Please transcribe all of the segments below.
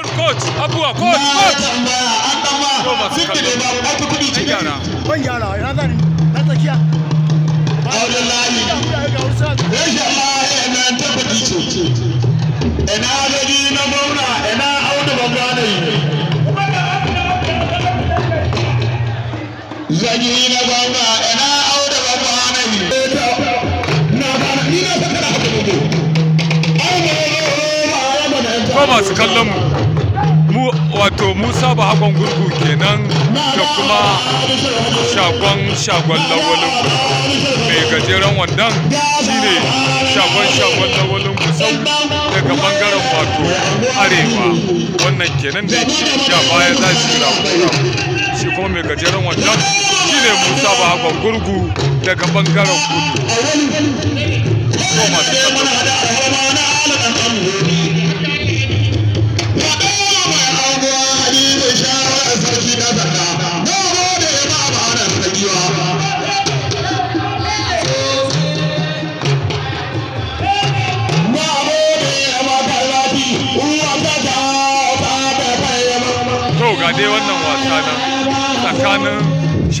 yar coach abuwa coach coach to masu kallo ban yara ya zani na tsakiya Abdullahi rashin laye nan ta fadi ce ina gadi na gwamna ina auna a yi zagi na gwamna ina auna bagana yi na ba ni na sakara haka mutu Thomas kallon mu wato musa ba hagon gurgu kenan da kuma shagon shagon lawalin mai gajeren wandan shine shagon shagon lawalin kusau daga bangaren wato arewa wannan kenan da yake sha baya za su rafura shi kuma mai gajeren wandan shine musa ba hagon gurgu daga bangaren kudu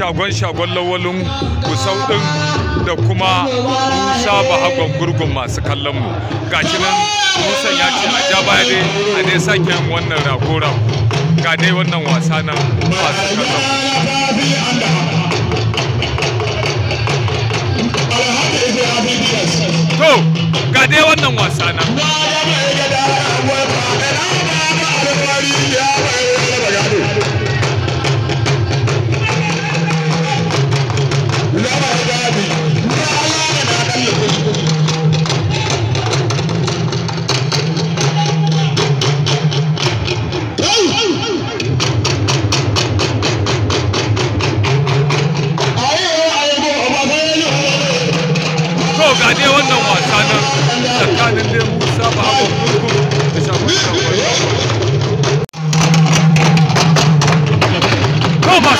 shagon shagon lawalin gusau din da kuma musa hagon gurgun masu kallon mu shi nan musan ya ce a jaba baya dai a dai sake wannan rago ga dai wannan wasa nan masu kallon to ga dai wannan wasa nan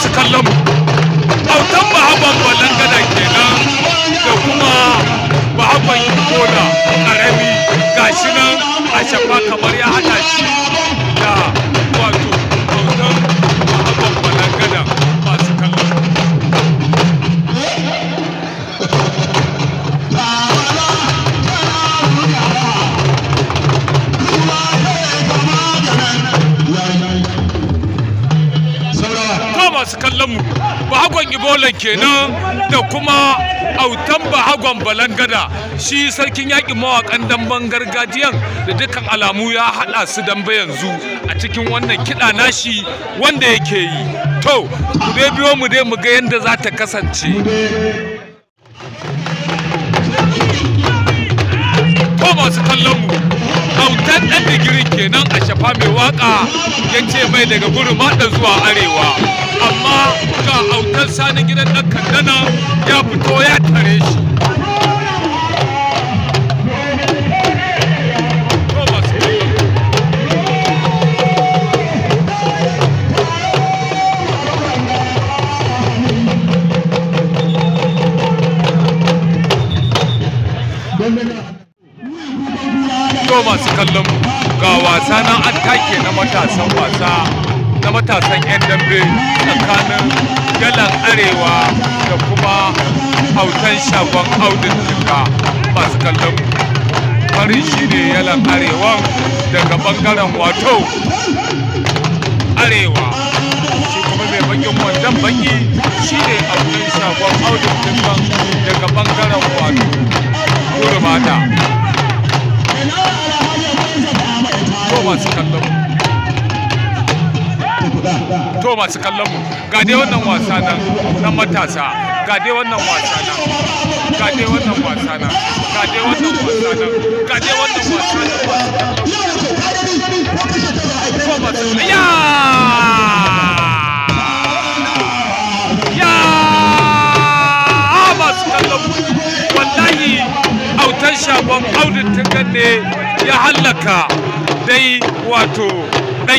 masu kallon mu autan mahabban ballon gada kenan da kuma mahabban kola karami gashi nan a shafa kamar ya hada shi da kallon mu bahagon ibolan kenan da kuma autan bahagon balangada shi sarkin yakin mawakan damben gargajiyan da dukkan alamu ya haɗa su dambe yanzu a cikin wannan kiɗa nashi wanda yake yi to ku dai biyo mu dai mu ga yadda za ta kasance mustapha mai waka ya ce mai daga gurin maɗa zuwa arewa amma ga autar sani gidan ɗan kandana ya fito ya tare shi masu kallon ga wasa na an take na matasan wasa na matasan 'yan dambe tsakanin dalan arewa da kuma hautan shagon audin jika masu kallon farin shi ne yalan arewa daga bangaren wato arewa shi kuma mai bakin wandan baki shi ne hautan shagon audin jika daga bangaren wato kurmata masu kallon mu to masu kallon mu ga dai wannan wasa nan na matasa ga dai wannan wasa nan ga dai wannan wasa nan ga dai wannan wasa nan ga dai wannan wasa nan ko ya haka dai wato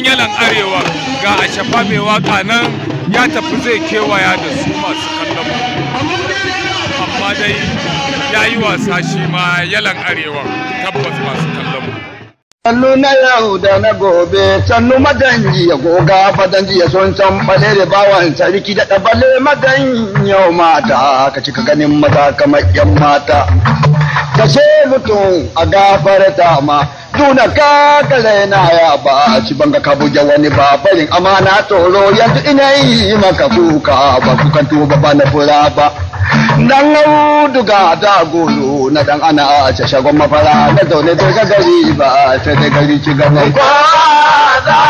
yalan arewa ga a shafa mai waka nan ya tafi zai kewaya da su masu kallon amma dai ya yi wasa shi ma yalan arewa tabbas masu kallon Sannu na yau da na gobe, sannu madanji ya goga fadanji ya son can bale da bawan sarki da ɗabale madan yau mata, ka cika ganin maza kamar 'yan mata. Kashe mutum a gafarta ma, tuna kakale na ya ba ci banga ka wani ba barin amana tsoro yanzu ina yi maka kuka ba kukan tuba ba na fura ba dan auduga da golo na dan ana a ce shagon mafara na zaune da ga gari ba sai da gari ci gaba ba za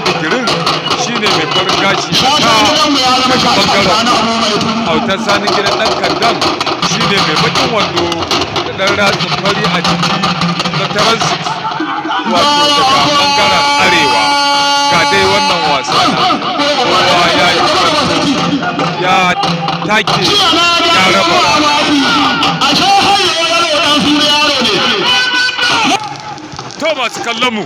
saurin gashi ta bangaren autar sani gidan dan kandan shi ne mai bakin wando da dan ratsin fari a jiki na taron transit wato daga bangaren arewa ga dai wannan wasa kowa ya yi ya take ya raba to masu kallon mu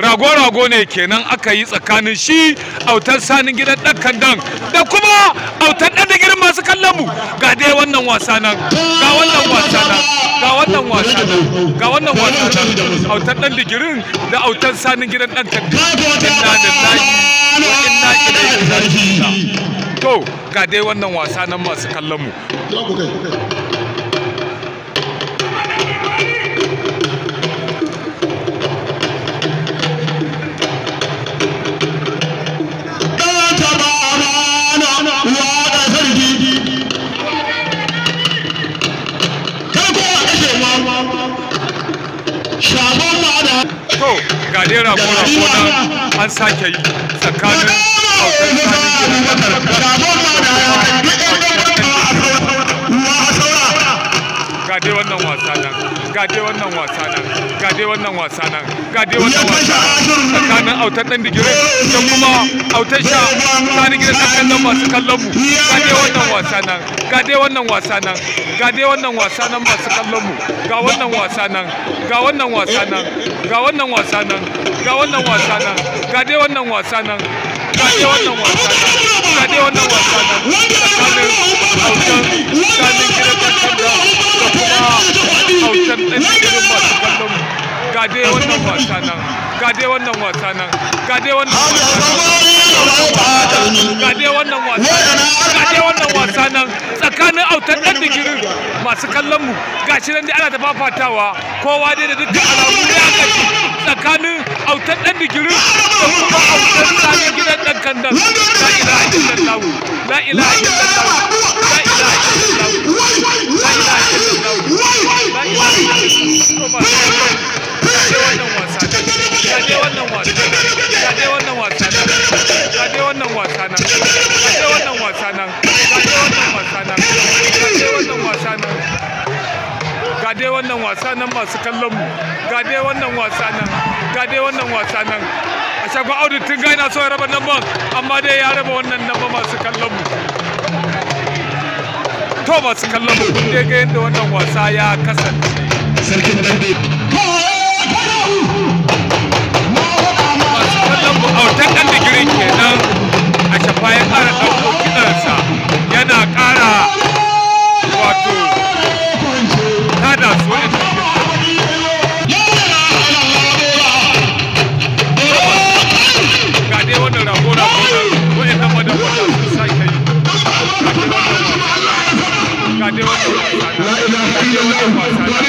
rago-rago ne kenan aka yi tsakanin shi autar sanin gidan ɗan dan da kuma autar ɗan da girin masu kallon mu ga dai wannan wasa nan ga wannan wasa nan ga wannan wasa nan ga wannan wasa nan autar ɗan digirin da autar sanin gidan ɗan kandan to ga dai wannan wasa nan masu kallon mu to ga dai rako rako an sake yi tsakanin eh, yi tsarin gade wannan wasa nan gade wannan wasa nan gade wannan wasa nan gade wannan wasa nan tsakanin autar dan digire da kuma autar sha tsakanin gida dan kallon masu kallon mu gade wannan wasa nan gade wannan wasa nan gade wannan wasa nan masu kallon mu ga wannan wasa nan ga wannan wasa nan ga wannan wasa nan ga wannan wasa nan gade wannan wasa nan kaɗe wannan wasa kaɗe wannan tsakanin da autan ɗan digirin masu kallon mu gashi nan dai ana ta fafatawa kowa dai da dukkan alamu ya tsakanin autan dan digiri da kuma autan tsarin gidan dan kandan la ilaha illallah la ilaha illallah la ilaha illallah la ilaha illallah la ilaha illallah ya wannan wasa ya wannan wasa ya wannan wasa ya wannan wasa wasa nan masu kallon mu ga dai wannan wasa nan ga dai wannan wasa nan a shagon audu tun ga yana so ya raba nan amma dai ya raba wannan nan masu kallon mu to masu kallon mu kun dai ga yadda wannan wasa ya kasance sarkin dambe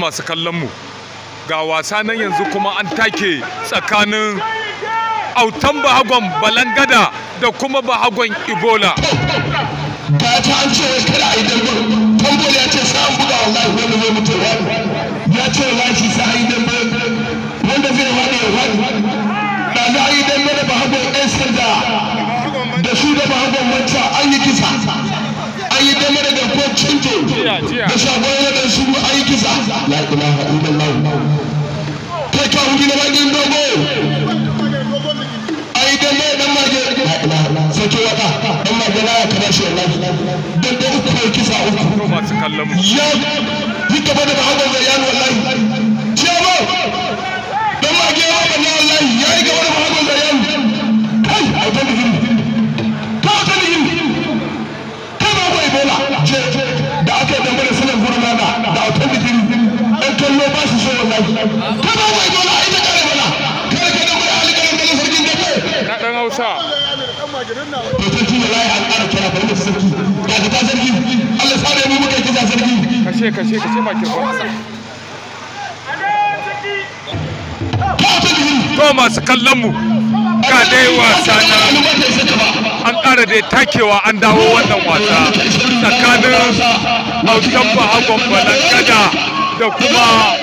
masu kallon mu ga wasa nan yanzu kuma an take tsakanin autan bahagon balangada da kuma bahagon ibola ba ta an ce kada a yi dambe tambol ya ce sa buga wallahi wanda zai mutu ya ce wallahi shi sa yi dambe wanda zai wani ya wani da za a yi dambe da bahagon yan sanda da su da bahagon wancan an yi kisa suke da shafar wadda su ayi kisa la ilaha illallah kai ka hudu na bakin dogo ai dan mai dan mage la ilaha sake waka dan mage na ka bashi wallahi dan da uku kisa uku ya fita bada ba hawo ya wallahi kashe ba kirkon to masu kallon mu ga dai wasa na an ƙara dai takewa an dawo wannan wasa tsakanin hausan bahagon balangada da kuma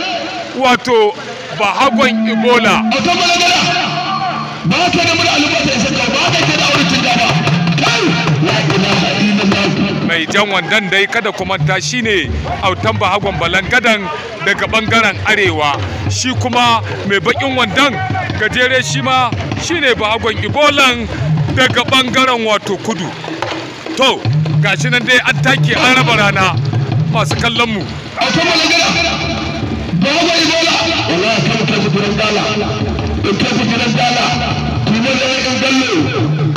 wato bahagon ibola ba ta da mura alubata isa ba ta da aure tun da ba mai jan wandan dai kada ta shine autan bahagon balangadan daga bangaren arewa shi kuma mai bakin wandan gajere shi ma shine bahagon ibolan daga bangaren wato kudu to gashi nan dai an take an raba rana masu kallon mu Wallahi kan ta su dala, in ta su dala, kuma da yakan gallo,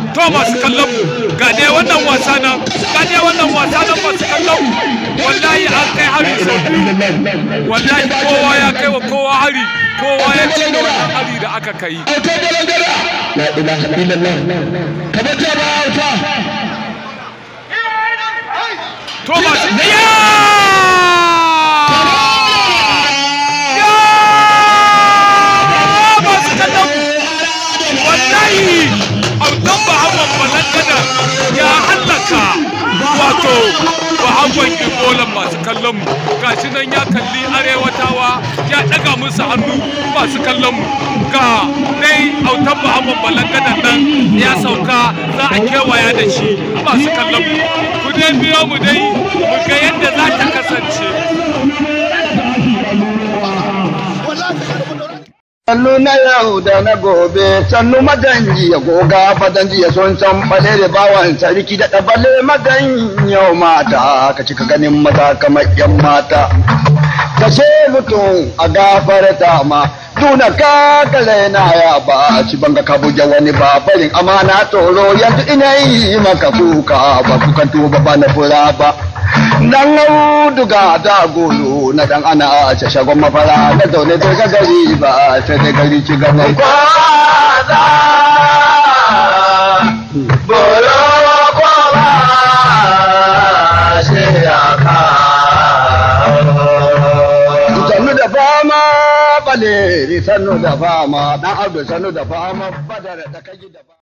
Thomas masu kallon ga dai wannan wasa nan ga dai wannan wasa nan masu kallon wallahi an kai hari sau biyu wallahi kowa ya kai wa kowa hari kowa ya ce da wannan hari da aka kai aukai balangara la ilaha illallah kamar ta ba auta Thomas ya kallon gashi nan ya kalli arewatawa ya daga musu hannu masu kallon mu ga dai autan muhammad balangadan nan ya sauka za a kewaya da shi masu kallon mu ku dai biyo mu dai mu ga yadda za ta kasance sannu na yau da na gobe sannu maganji ya goga fadanji ya son san bale da bawan sarki da ɗabale magan yau mata ka cika ganin mata kamar yan mata ka ce mutum a ta ma tuna ka na ya ba ci banga ka buja wani babarin amana toro yanzu ina yi maka kuka ba kukan tuba ba na fura ba dan duga da golo na dan ana a ce shagon mafara da zaune to ga gari ba a ce da gari ci gaba ko za bolo ko ba shi ka sanu da fama bale sanu da fama dan abdu sanu da fama badara da kai da